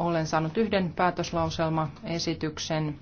olen saanut yhden päätöslauselmaesityksen